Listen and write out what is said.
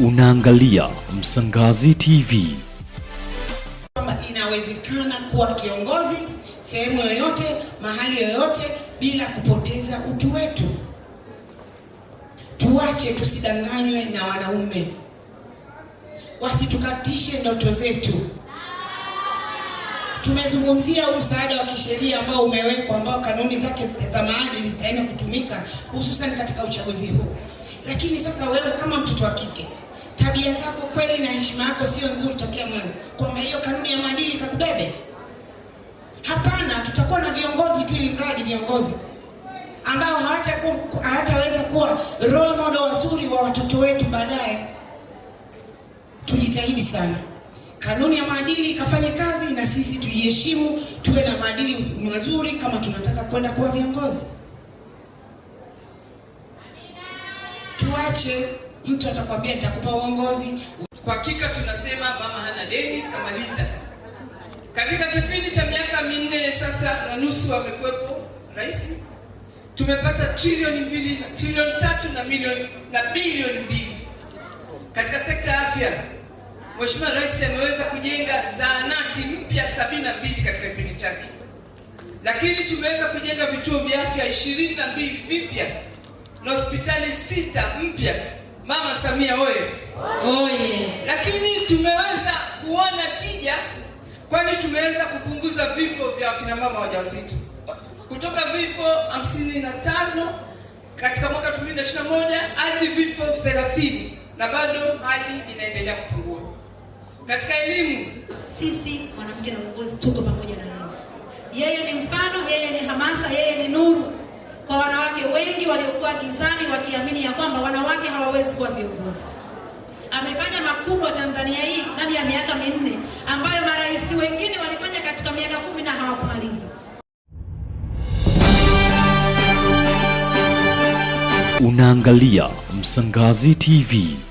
Unaangalia Msangazi TV. Kama inawezekana kuwa kiongozi sehemu yoyote mahali yoyote bila kupoteza utu wetu. Tuache tusidanganywe na wanaume, wasitukatishe ndoto zetu. Tumezungumzia huu msaada wa kisheria ambao umewekwa, ambao kanuni zake za maadili zitaenda kutumika hususan katika uchaguzi huu. Lakini sasa wewe kama mtoto wa kike tabia zako kweli na heshima yako sio nzuri tokea mwanzo, kwamba hiyo kanuni ya maadili ikakubebe? Hapana, tutakuwa na viongozi tu, ili mradi viongozi ambao hawataweza kuwa role model wazuri wa watoto wetu baadaye. Tujitahidi sana, kanuni ya maadili ikafanye kazi, na sisi tujiheshimu, tuwe na maadili mazuri kama tunataka kwenda kuwa viongozi. Tuache mtu atakwambia nitakupa uongozi. Kwa hakika tunasema mama hana deni, kamaliza. Katika kipindi cha miaka minne sasa na nusu amekuwepo rais, tumepata trilioni mbili, trilioni tatu na milioni na bilioni mbili katika sekta ya afya. Mheshimiwa Rais ameweza kujenga zahanati mpya sabini na mbili katika kipindi chake, lakini tumeweza kujenga vituo vya afya ishirini na mbili vipya na hospitali sita mpya. Mama Samia oye, Lakini tumeweza kuona tija, kwani tumeweza kupunguza vifo vya wakinamama mama wajawazito kutoka vifo 55 katika mwaka 2021 hadi vifo 30 na bado hali inaendelea kupungua. Katika elimu, sisi mwanamke na uongozi tuko pamoja na yeye. Yeye ni mfano, yeye ni hamasa, yeye ni nuru kwa wanawake wengi waliokuwa gizani wakiamini ya kwamba wanawake hawa kuwa viongozi. Amefanya makubwa Tanzania hii ndani ya miaka minne ambayo marais wengine walifanya katika miaka kumi na hawakumaliza. Unaangalia Msangazi TV.